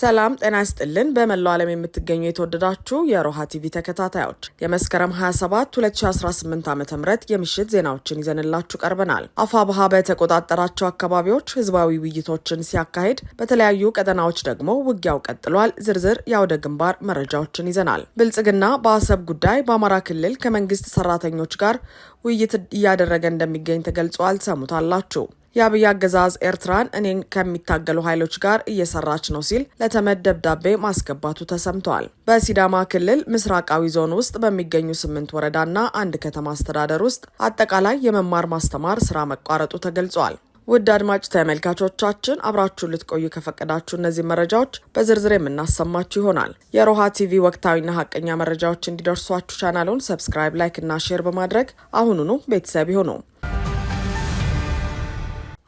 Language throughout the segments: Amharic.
ሰላም ጤና ይስጥልን። በመላው ዓለም የምትገኙ የተወደዳችሁ የሮሃ ቲቪ ተከታታዮች የመስከረም 27 2018 ዓ ም የምሽት ዜናዎችን ይዘንላችሁ ቀርበናል። አፋብሃ በተቆጣጠራቸው አካባቢዎች ህዝባዊ ውይይቶችን ሲያካሂድ፣ በተለያዩ ቀጠናዎች ደግሞ ውጊያው ቀጥሏል። ዝርዝር የአውደ ግንባር መረጃዎችን ይዘናል። ብልጽግና በአሰብ ጉዳይ በአማራ ክልል ከመንግስት ሰራተኞች ጋር ውይይት እያደረገ እንደሚገኝ ተገልጿል። ሰሙታላችሁ። የአብይ አገዛዝ ኤርትራን እኔን ከሚታገሉ ኃይሎች ጋር እየሰራች ነው ሲል ለተመድ ደብዳቤ ማስገባቱ ተሰምተዋል። በሲዳማ ክልል ምስራቃዊ ዞን ውስጥ በሚገኙ ስምንት ወረዳና አንድ ከተማ አስተዳደር ውስጥ አጠቃላይ የመማር ማስተማር ስራ መቋረጡ ተገልጿል። ውድ አድማጭ ተመልካቾቻችን አብራችሁን ልትቆዩ ከፈቀዳችሁ እነዚህ መረጃዎች በዝርዝር የምናሰማችሁ ይሆናል። የሮሃ ቲቪ ወቅታዊና ሀቀኛ መረጃዎች እንዲደርሷችሁ ቻናሉን ሰብስክራይብ፣ ላይክ እና ሼር በማድረግ አሁኑኑ ቤተሰብ ይሁኑ።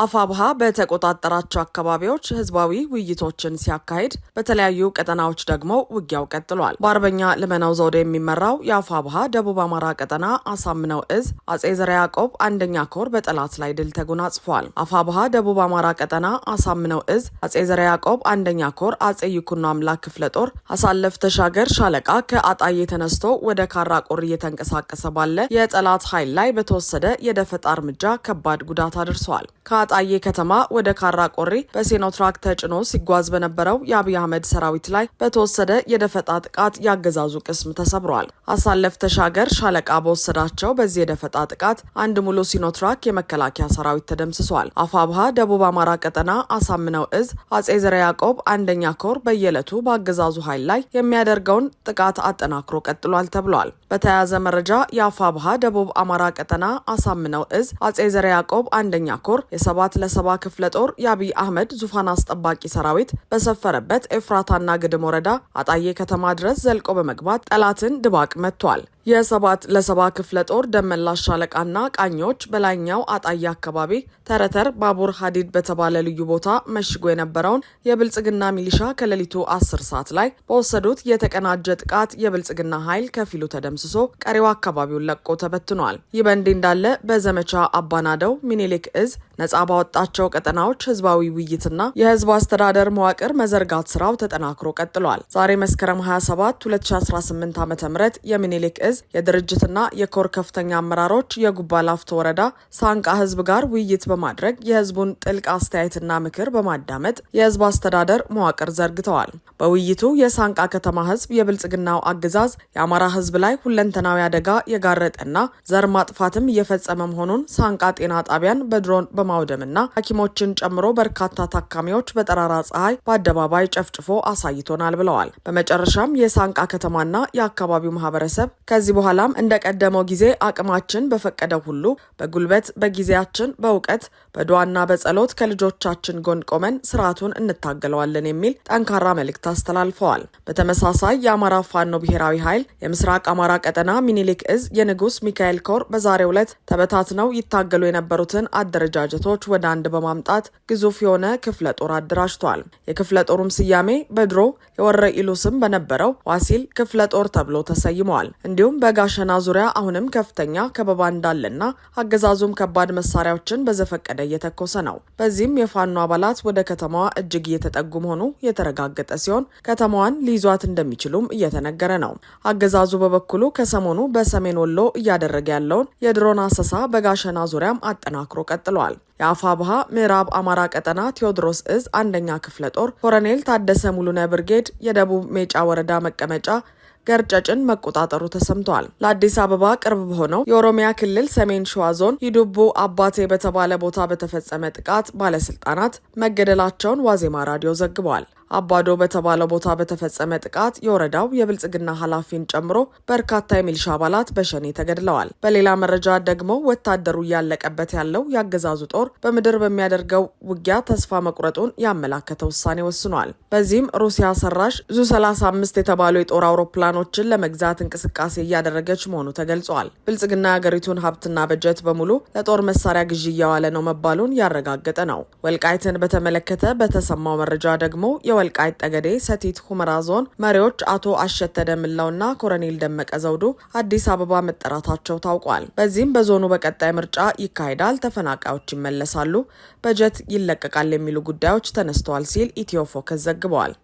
አፋብሃ በተቆጣጠራቸው አካባቢዎች ህዝባዊ ውይይቶችን ሲያካሂድ በተለያዩ ቀጠናዎች ደግሞ ውጊያው ቀጥሏል። በአርበኛ ልመናው ዘውደ የሚመራው የአፋብሃ ደቡብ አማራ ቀጠና አሳምነው እዝ አጼ ዘርዓ ያዕቆብ አንደኛ ኮር በጠላት ላይ ድል ተጎናጽፏል። አፋብሃ ደቡብ አማራ ቀጠና አሳምነው እዝ አጼ ዘርዓ ያዕቆብ አንደኛ ኮር አጼ ይኩኖ አምላክ ክፍለ ጦር አሳለፍ ተሻገር ሻለቃ ከአጣዬ ተነስቶ ወደ ካራ ቆር እየተንቀሳቀሰ ባለ የጠላት ኃይል ላይ በተወሰደ የደፈጣ እርምጃ ከባድ ጉዳት አድርሷል። ከአጣዬ ከተማ ወደ ካራ ቆሪ በሴኖ ትራክ ተጭኖ ሲጓዝ በነበረው የአብይ አህመድ ሰራዊት ላይ በተወሰደ የደፈጣ ጥቃት ያገዛዙ ቅስም ተሰብሯል። አሳለፍ ተሻገር ሻለቃ በወሰዳቸው በዚህ የደፈጣ ጥቃት አንድ ሙሉ ሲኖትራክ የመከላከያ ሰራዊት ተደምስሷል። አፋብሃ ደቡብ አማራ ቀጠና አሳምነው እዝ አጼ ዘረ ያዕቆብ አንደኛ ኮር በየዕለቱ በአገዛዙ ኃይል ላይ የሚያደርገውን ጥቃት አጠናክሮ ቀጥሏል ተብሏል። በተያያዘ መረጃ የአፋብሃ ደቡብ አማራ ቀጠና አሳምነው እዝ አጼ ዘረ ያዕቆብ አንደኛ ኮር ሰባት ለሰባ ክፍለ ጦር የአብይ አህመድ ዙፋን አስጠባቂ ሰራዊት በሰፈረበት ኤፍራታና ግድም ወረዳ አጣዬ ከተማ ድረስ ዘልቆ በመግባት ጠላትን ድባቅ መጥቷል። የሰባት ለሰባ ክፍለ ጦር ደመላሽ ሻለቃና ቃኞች በላይኛው አጣያ አካባቢ ተረተር ባቡር ሀዲድ በተባለ ልዩ ቦታ መሽጎ የነበረውን የብልጽግና ሚሊሻ ከሌሊቱ አስር ሰዓት ላይ በወሰዱት የተቀናጀ ጥቃት የብልጽግና ኃይል ከፊሉ ተደምስሶ ቀሪው አካባቢውን ለቆ ተበትኗል። ይህ በእንዲህ እንዳለ በዘመቻ አባናደው ሚኒሊክ እዝ ነጻ ባወጣቸው ቀጠናዎች ህዝባዊ ውይይትና የህዝብ አስተዳደር መዋቅር መዘርጋት ስራው ተጠናክሮ ቀጥሏል። ዛሬ መስከረም 27 2018 ዓ ም የሚኒሊክ እዝ የድርጅትና የኮር ከፍተኛ አመራሮች የጉባ ላፍቶ ወረዳ ሳንቃ ህዝብ ጋር ውይይት በማድረግ የህዝቡን ጥልቅ አስተያየትና ምክር በማዳመጥ የህዝብ አስተዳደር መዋቅር ዘርግተዋል። በውይይቱ የሳንቃ ከተማ ህዝብ የብልጽግናው አገዛዝ የአማራ ህዝብ ላይ ሁለንተናዊ አደጋ የጋረጠና ዘር ማጥፋትም እየፈጸመ መሆኑን ሳንቃ ጤና ጣቢያን በድሮን በማውደምና ሐኪሞችን ጨምሮ በርካታ ታካሚዎች በጠራራ ፀሐይ በአደባባይ ጨፍጭፎ አሳይቶናል ብለዋል። በመጨረሻም የሳንቃ ከተማና የአካባቢው ማህበረሰብ ከዚህ በኋላም እንደቀደመው ጊዜ አቅማችን በፈቀደው ሁሉ በጉልበት፣ በጊዜያችን፣ በእውቀት፣ በድዋና በጸሎት ከልጆቻችን ጎን ቆመን ስርዓቱን እንታገለዋለን የሚል ጠንካራ መልእክት አስተላልፈዋል። በተመሳሳይ የአማራ ፋኖ ብሔራዊ ኃይል የምስራቅ አማራ ቀጠና ሚኒሊክ እዝ የንጉስ ሚካኤል ኮር በዛሬው ዕለት ተበታትነው ይታገሉ የነበሩትን አደረጃጀቶች ወደ አንድ በማምጣት ግዙፍ የሆነ ክፍለ ጦር አደራጅቷል። የክፍለ ጦሩም ስያሜ በድሮ የወረ ኢሉ ስም በነበረው ዋሲል ክፍለ ጦር ተብሎ ተሰይመዋል። እንዲሁም ሆኖም በጋሸና ዙሪያ አሁንም ከፍተኛ ከበባ እንዳለና አገዛዙም ከባድ መሳሪያዎችን በዘፈቀደ እየተኮሰ ነው። በዚህም የፋኖ አባላት ወደ ከተማዋ እጅግ እየተጠጉ መሆኑ የተረጋገጠ ሲሆን ከተማዋን ሊይዟት እንደሚችሉም እየተነገረ ነው። አገዛዙ በበኩሉ ከሰሞኑ በሰሜን ወሎ እያደረገ ያለውን የድሮን አሰሳ በጋሸና ዙሪያም አጠናክሮ ቀጥሏል። የአፋ ባሃ ምዕራብ አማራ ቀጠና ቴዎድሮስ እዝ አንደኛ ክፍለ ጦር ኮረኔል ታደሰ ሙሉነ ብርጌድ የደቡብ ሜጫ ወረዳ መቀመጫ ገርጨጭን መቆጣጠሩ ተሰምቷል። ለአዲስ አበባ ቅርብ በሆነው የኦሮሚያ ክልል ሰሜን ሸዋ ዞን ይዱቡ አባቴ በተባለ ቦታ በተፈጸመ ጥቃት ባለስልጣናት መገደላቸውን ዋዜማ ራዲዮ ዘግቧል። አባዶ በተባለው ቦታ በተፈጸመ ጥቃት የወረዳው የብልጽግና ኃላፊን ጨምሮ በርካታ የሚሊሻ አባላት በሸኔ ተገድለዋል። በሌላ መረጃ ደግሞ ወታደሩ እያለቀበት ያለው የአገዛዙ ጦር በምድር በሚያደርገው ውጊያ ተስፋ መቁረጡን ያመላከተ ውሳኔ ወስኗል። በዚህም ሩሲያ ሰራሽ ዙ 35 የተባሉ የጦር አውሮፕላኖችን ለመግዛት እንቅስቃሴ እያደረገች መሆኑ ተገልጿል። ብልጽግና የአገሪቱን ሀብትና በጀት በሙሉ ለጦር መሳሪያ ግዢ እያዋለ ነው መባሉን ያረጋገጠ ነው። ወልቃይትን በተመለከተ በተሰማው መረጃ ደግሞ የወልቃይት ጠገዴ ሰቲት ሁመራ ዞን መሪዎች አቶ አሸተ ደምላውና ኮረኔል ደመቀ ዘውዱ አዲስ አበባ መጠራታቸው ታውቋል። በዚህም በዞኑ በቀጣይ ምርጫ ይካሄዳል፣ ተፈናቃዮች ይመለሳሉ፣ በጀት ይለቀቃል የሚሉ ጉዳዮች ተነስተዋል ሲል ኢትዮ ፎከስ ዘግበዋል።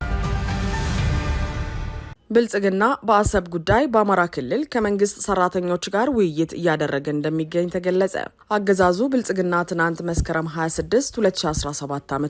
ብልጽግና በአሰብ ጉዳይ በአማራ ክልል ከመንግስት ሰራተኞች ጋር ውይይት እያደረገ እንደሚገኝ ተገለጸ። አገዛዙ ብልጽግና ትናንት መስከረም 26 2017 ዓ ም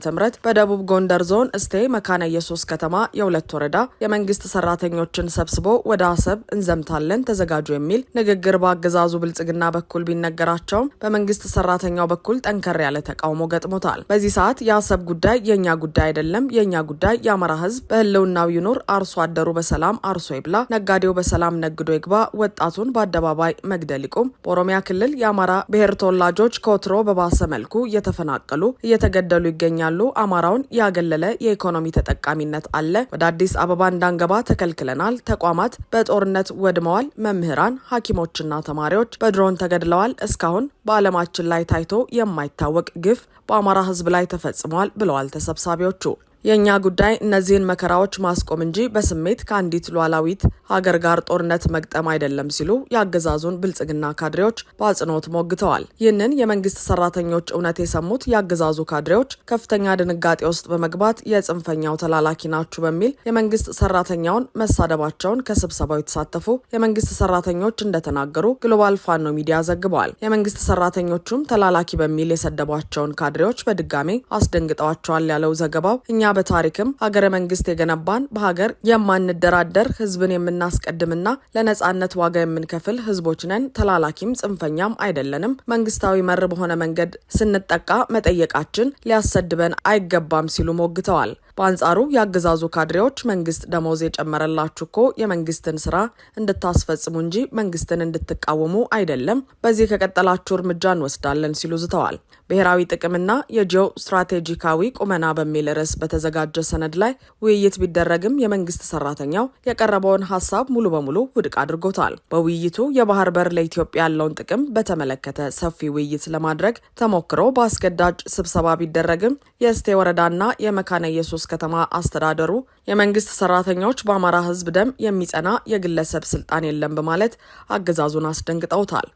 በደቡብ ጎንደር ዞን እስቴ መካነ ኢየሱስ ከተማ የሁለት ወረዳ የመንግስት ሰራተኞችን ሰብስቦ ወደ አሰብ እንዘምታለን ተዘጋጁ የሚል ንግግር በአገዛዙ ብልጽግና በኩል ቢነገራቸውም በመንግስት ሰራተኛው በኩል ጠንከር ያለ ተቃውሞ ገጥሞታል። በዚህ ሰዓት የአሰብ ጉዳይ የእኛ ጉዳይ አይደለም፣ የእኛ ጉዳይ የአማራ ህዝብ በህልውናው ይኑር፣ አርሶ አደሩ በሰላም በሰላም አርሶ ይብላ፣ ነጋዴው በሰላም ነግዶ ይግባ፣ ወጣቱን በአደባባይ መግደል ይቁም። በኦሮሚያ ክልል የአማራ ብሔር ተወላጆች ከወትሮ በባሰ መልኩ እየተፈናቀሉ እየተገደሉ ይገኛሉ። አማራውን ያገለለ የኢኮኖሚ ተጠቃሚነት አለ። ወደ አዲስ አበባ እንዳንገባ ተከልክለናል። ተቋማት በጦርነት ወድመዋል። መምህራን፣ ሐኪሞችና ተማሪዎች በድሮን ተገድለዋል። እስካሁን በዓለማችን ላይ ታይቶ የማይታወቅ ግፍ በአማራ ሕዝብ ላይ ተፈጽሟል ብለዋል ተሰብሳቢዎቹ። የእኛ ጉዳይ እነዚህን መከራዎች ማስቆም እንጂ በስሜት ከአንዲት ሉዓላዊት ሀገር ጋር ጦርነት መግጠም አይደለም ሲሉ የአገዛዙን ብልጽግና ካድሬዎች በአጽንኦት ሞግተዋል። ይህንን የመንግስት ሰራተኞች እውነት የሰሙት የአገዛዙ ካድሬዎች ከፍተኛ ድንጋጤ ውስጥ በመግባት የጽንፈኛው ተላላኪ ናችሁ በሚል የመንግስት ሰራተኛውን መሳደባቸውን ከስብሰባው የተሳተፉ የመንግስት ሰራተኞች እንደተናገሩ ግሎባል ፋኖ ሚዲያ ዘግበዋል። የመንግስት ሰራተኞቹም ተላላኪ በሚል የሰደቧቸውን ካድሬዎች በድጋሜ አስደንግጠዋቸዋል ያለው ዘገባው እኛ በታሪክም ሀገረ መንግስት የገነባን በሀገር የማንደራደር ህዝብን የምናስቀድምና ለነጻነት ዋጋ የምንከፍል ህዝቦች ነን። ተላላኪም ጽንፈኛም አይደለንም። መንግስታዊ መር በሆነ መንገድ ስንጠቃ መጠየቃችን ሊያሰድበን አይገባም ሲሉ ሞግተዋል። በአንጻሩ የአገዛዙ ካድሬዎች መንግስት ደሞዝ የጨመረላችሁ እኮ የመንግስትን ስራ እንድታስፈጽሙ እንጂ መንግስትን እንድትቃወሙ አይደለም፣ በዚህ ከቀጠላችሁ እርምጃ እንወስዳለን ሲሉ ዝተዋል። ብሔራዊ ጥቅምና የጂኦ ስትራቴጂካዊ ቁመና በሚል ርዕስ በተዘጋጀ ሰነድ ላይ ውይይት ቢደረግም የመንግስት ሰራተኛው የቀረበውን ሀሳብ ሙሉ በሙሉ ውድቅ አድርጎታል። በውይይቱ የባህር በር ለኢትዮጵያ ያለውን ጥቅም በተመለከተ ሰፊ ውይይት ለማድረግ ተሞክሮ በአስገዳጅ ስብሰባ ቢደረግም የእስቴ ወረዳና የመካነ ኢየሱስ ከተማ አስተዳደሩ የመንግስት ሰራተኞች በአማራ ህዝብ ደም የሚጸና የግለሰብ ስልጣን የለም በማለት አገዛዙን አስደንግጠውታል።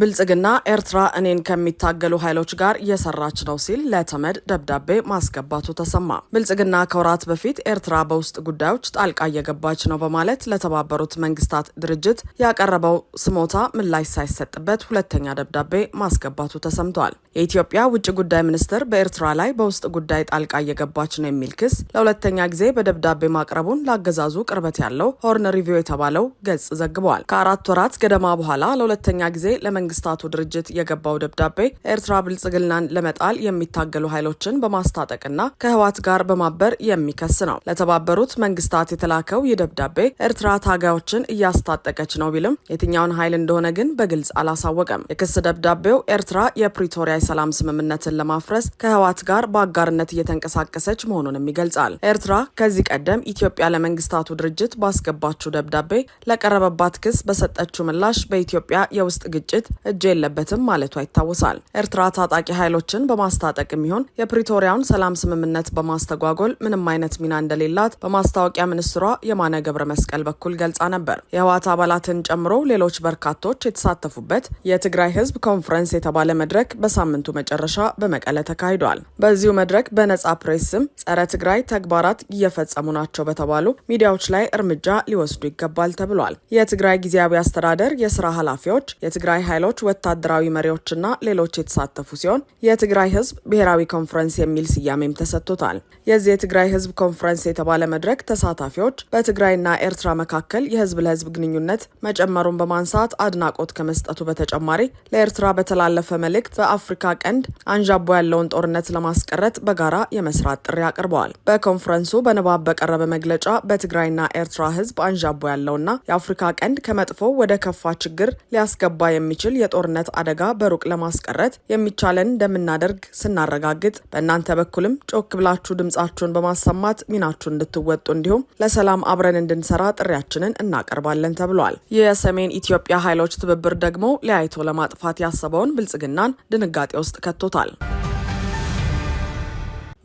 ብልጽግና ኤርትራ እኔን ከሚታገሉ ኃይሎች ጋር እየሰራች ነው ሲል ለተመድ ደብዳቤ ማስገባቱ ተሰማ። ብልጽግና ከወራት በፊት ኤርትራ በውስጥ ጉዳዮች ጣልቃ እየገባች ነው በማለት ለተባበሩት መንግስታት ድርጅት ያቀረበው ስሞታ ምላሽ ሳይሰጥበት ሁለተኛ ደብዳቤ ማስገባቱ ተሰምቷል። የኢትዮጵያ ውጭ ጉዳይ ሚኒስትር በኤርትራ ላይ በውስጥ ጉዳይ ጣልቃ እየገባች ነው የሚል ክስ ለሁለተኛ ጊዜ በደብዳቤ ማቅረቡን ለአገዛዙ ቅርበት ያለው ሆርን ሪቪው የተባለው ገጽ ዘግበዋል። ከአራት ወራት ገደማ በኋላ ለሁለተኛ ጊዜ ለመ መንግስታቱ ድርጅት የገባው ደብዳቤ ኤርትራ ብልጽግናን ለመጣል የሚታገሉ ኃይሎችን በማስታጠቅና ከህዋት ጋር በማበር የሚከስ ነው። ለተባበሩት መንግስታት የተላከው ይህ ደብዳቤ ኤርትራ ታጋዮችን እያስታጠቀች ነው ቢልም የትኛውን ኃይል እንደሆነ ግን በግልጽ አላሳወቀም። የክስ ደብዳቤው ኤርትራ የፕሪቶሪያ የሰላም ስምምነትን ለማፍረስ ከህዋት ጋር በአጋርነት እየተንቀሳቀሰች መሆኑንም ይገልጻል። ኤርትራ ከዚህ ቀደም ኢትዮጵያ ለመንግስታቱ ድርጅት ባስገባችው ደብዳቤ ለቀረበባት ክስ በሰጠችው ምላሽ በኢትዮጵያ የውስጥ ግጭት እጅ የለበትም ማለቷ ይታወሳል። ኤርትራ ታጣቂ ኃይሎችን በማስታጠቅ የሚሆን የፕሪቶሪያውን ሰላም ስምምነት በማስተጓጎል ምንም አይነት ሚና እንደሌላት በማስታወቂያ ሚኒስትሯ የማነ ገብረ መስቀል በኩል ገልጻ ነበር። የህወሓት አባላትን ጨምሮ ሌሎች በርካቶች የተሳተፉበት የትግራይ ህዝብ ኮንፈረንስ የተባለ መድረክ በሳምንቱ መጨረሻ በመቀለ ተካሂዷል። በዚሁ መድረክ በነጻ ፕሬስ ስም ጸረ ትግራይ ተግባራት እየፈጸሙ ናቸው በተባሉ ሚዲያዎች ላይ እርምጃ ሊወስዱ ይገባል ተብሏል። የትግራይ ጊዜያዊ አስተዳደር የስራ ኃላፊዎች የትግራይ ኃይሎች ወታደራዊ መሪዎችና ሌሎች የተሳተፉ ሲሆን የትግራይ ህዝብ ብሔራዊ ኮንፈረንስ የሚል ስያሜም ተሰጥቶታል። የዚህ የትግራይ ህዝብ ኮንፈረንስ የተባለ መድረክ ተሳታፊዎች በትግራይና ኤርትራ መካከል የህዝብ ለህዝብ ግንኙነት መጨመሩን በማንሳት አድናቆት ከመስጠቱ በተጨማሪ ለኤርትራ በተላለፈ መልእክት በአፍሪካ ቀንድ አንዣቦ ያለውን ጦርነት ለማስቀረት በጋራ የመስራት ጥሪ አቅርበዋል። በኮንፈረንሱ በንባብ በቀረበ መግለጫ በትግራይና ኤርትራ ህዝብ አንዣቦ ያለውና የአፍሪካ ቀንድ ከመጥፎ ወደ ከፋ ችግር ሊያስገባ የሚችል የሚችል የጦርነት አደጋ በሩቅ ለማስቀረት የሚቻለን እንደምናደርግ ስናረጋግጥ በእናንተ በኩልም ጮክ ብላችሁ ድምጻችሁን በማሰማት ሚናችሁን እንድትወጡ እንዲሁም ለሰላም አብረን እንድንሰራ ጥሪያችንን እናቀርባለን ተብሏል። የሰሜን ኢትዮጵያ ኃይሎች ትብብር ደግሞ ለያይቶ ለማጥፋት ያሰበውን ብልጽግናን ድንጋጤ ውስጥ ከቶታል።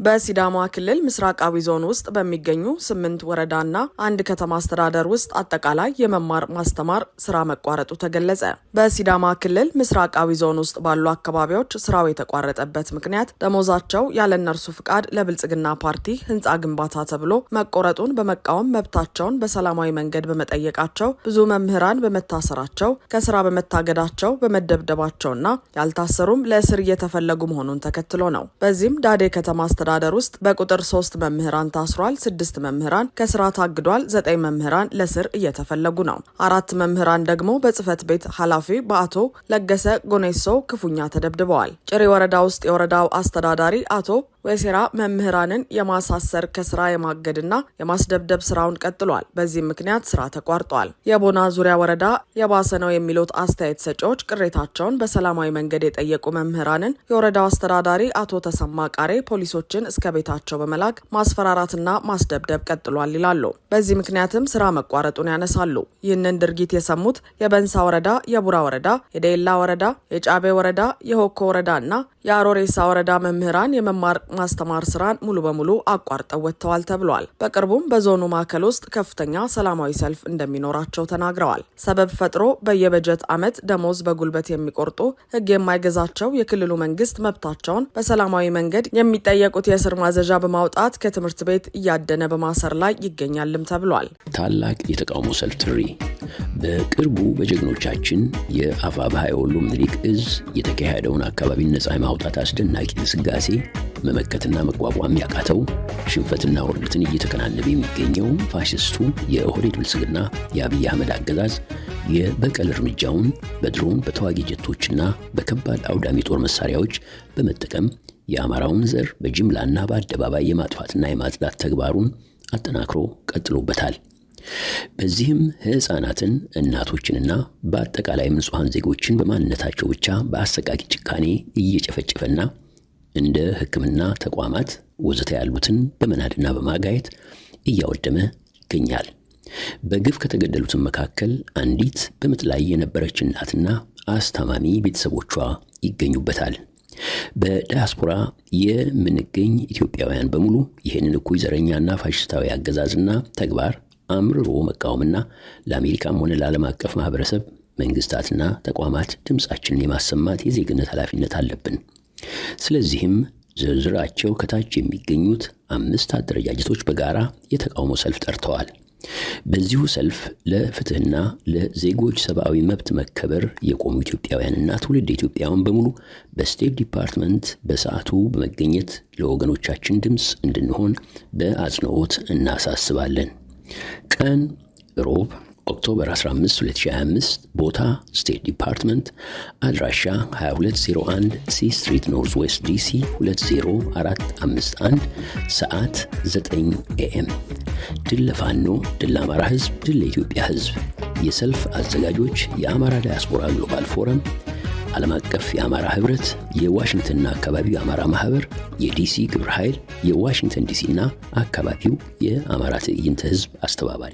በሲዳማ ክልል ምስራቃዊ ዞን ውስጥ በሚገኙ ስምንት ወረዳና አንድ ከተማ አስተዳደር ውስጥ አጠቃላይ የመማር ማስተማር ስራ መቋረጡ ተገለጸ። በሲዳማ ክልል ምስራቃዊ ዞን ውስጥ ባሉ አካባቢዎች ስራው የተቋረጠበት ምክንያት ደሞዛቸው ያለ እነርሱ ፍቃድ ለብልጽግና ፓርቲ ህንፃ ግንባታ ተብሎ መቆረጡን በመቃወም መብታቸውን በሰላማዊ መንገድ በመጠየቃቸው ብዙ መምህራን በመታሰራቸው ከስራ በመታገዳቸው በመደብደባቸውና ያልታሰሩም ለእስር እየተፈለጉ መሆኑን ተከትሎ ነው። በዚህም ዳዴ ከተማ አስተዳደር አስተዳደር ውስጥ በቁጥር ሶስት መምህራን ታስሯል፣ ስድስት መምህራን ከስራ ታግዷል፣ ዘጠኝ መምህራን ለስር እየተፈለጉ ነው። አራት መምህራን ደግሞ በጽህፈት ቤት ኃላፊ በአቶ ለገሰ ጎኔሶ ክፉኛ ተደብድበዋል። ጭሬ ወረዳ ውስጥ የወረዳው አስተዳዳሪ አቶ ወይሴራ መምህራንን የማሳሰር ከስራ የማገድና የማስደብደብ ስራውን ቀጥሏል። በዚህም ምክንያት ስራ ተቋርጧል። የቦና ዙሪያ ወረዳ የባሰ ነው የሚሉት አስተያየት ሰጪዎች ቅሬታቸውን በሰላማዊ መንገድ የጠየቁ መምህራንን የወረዳው አስተዳዳሪ አቶ ተሰማ ቃሬ ፖሊሶችን እስከ ቤታቸው በመላክ ማስፈራራትና ማስደብደብ ቀጥሏል ይላሉ። በዚህ ምክንያትም ስራ መቋረጡን ያነሳሉ። ይህንን ድርጊት የሰሙት የበንሳ ወረዳ፣ የቡራ ወረዳ፣ የደላ ወረዳ፣ የጫቤ ወረዳ፣ የሆኮ ወረዳ እና የአሮሬሳ ወረዳ መምህራን የመማር ማስተማር ስራን ሙሉ በሙሉ አቋርጠው ወጥተዋል ተብሏል። በቅርቡም በዞኑ ማዕከል ውስጥ ከፍተኛ ሰላማዊ ሰልፍ እንደሚኖራቸው ተናግረዋል። ሰበብ ፈጥሮ በየበጀት ዓመት ደሞዝ በጉልበት የሚቆርጡ ህግ የማይገዛቸው የክልሉ መንግስት መብታቸውን በሰላማዊ መንገድ የሚጠየቁት የእስር ማዘዣ በማውጣት ከትምህርት ቤት እያደነ በማሰር ላይ ይገኛልም ተብሏል። ታላቅ የተቃውሞ ሰልፍ ጥሪ በቅርቡ በጀግኖቻችን የአፋ ባህ ወሎ ምኒልክ እዝ የተካሄደውን አካባቢን ነጻ የማውጣት አስደናቂ ግስጋሴ መመከትና መቋቋም ያቃተው ሽንፈትና ውርደትን እየተከናነበ የሚገኘው ፋሽስቱ የኦህዴድ ብልጽግና የአብይ አህመድ አገዛዝ የበቀል እርምጃውን በድሮን በተዋጊ ጀቶችና በከባድ አውዳሚ ጦር መሳሪያዎች በመጠቀም የአማራውን ዘር በጅምላና በአደባባይ የማጥፋትና የማጽዳት ተግባሩን አጠናክሮ ቀጥሎበታል። በዚህም ሕፃናትን እናቶችንና በአጠቃላይ ንጹሐን ዜጎችን በማንነታቸው ብቻ በአሰቃቂ ጭካኔ እየጨፈጨፈና እንደ ሕክምና ተቋማት ወዘተ ያሉትን በመናድና በማጋየት እያወደመ ይገኛል። በግፍ ከተገደሉትን መካከል አንዲት በምጥ ላይ የነበረች እናትና አስታማሚ ቤተሰቦቿ ይገኙበታል። በዳያስፖራ የምንገኝ ኢትዮጵያውያን በሙሉ ይህንን እኩይ ዘረኛና ፋሽስታዊ አገዛዝና ተግባር አምርሮ መቃወምና ለአሜሪካም ሆነ ለዓለም አቀፍ ማህበረሰብ መንግስታትና ተቋማት ድምፃችንን የማሰማት የዜግነት ኃላፊነት አለብን። ስለዚህም ዝርዝራቸው ከታች የሚገኙት አምስት አደረጃጀቶች በጋራ የተቃውሞ ሰልፍ ጠርተዋል። በዚሁ ሰልፍ ለፍትህና ለዜጎች ሰብአዊ መብት መከበር የቆሙ ኢትዮጵያውያንና ትውልድ ኢትዮጵያውያን በሙሉ በስቴት ዲፓርትመንት በሰዓቱ በመገኘት ለወገኖቻችን ድምፅ እንድንሆን በአጽንኦት እናሳስባለን። ቀን ሮብ ኦክቶበር 15 2025 ቦታ ስቴት ዲፓርትመንት አድራሻ 2201 ሲ ስትሪት ኖርዝ ዌስት ዲሲ 20451 ሰዓት 9 ኤኤም ድል ለፋኖ ድል ለአማራ ህዝብ ድል ለኢትዮጵያ ህዝብ የሰልፍ አዘጋጆች የአማራ ዳያስፖራ ግሎባል ፎረም ዓለም አቀፍ የአማራ ህብረት የዋሽንግተንና አካባቢው የአማራ ማህበር የዲሲ ግብረ ኃይል የዋሽንግተን ና አካባቢው የአማራ ትዕይንተ ህዝብ አስተባባሪ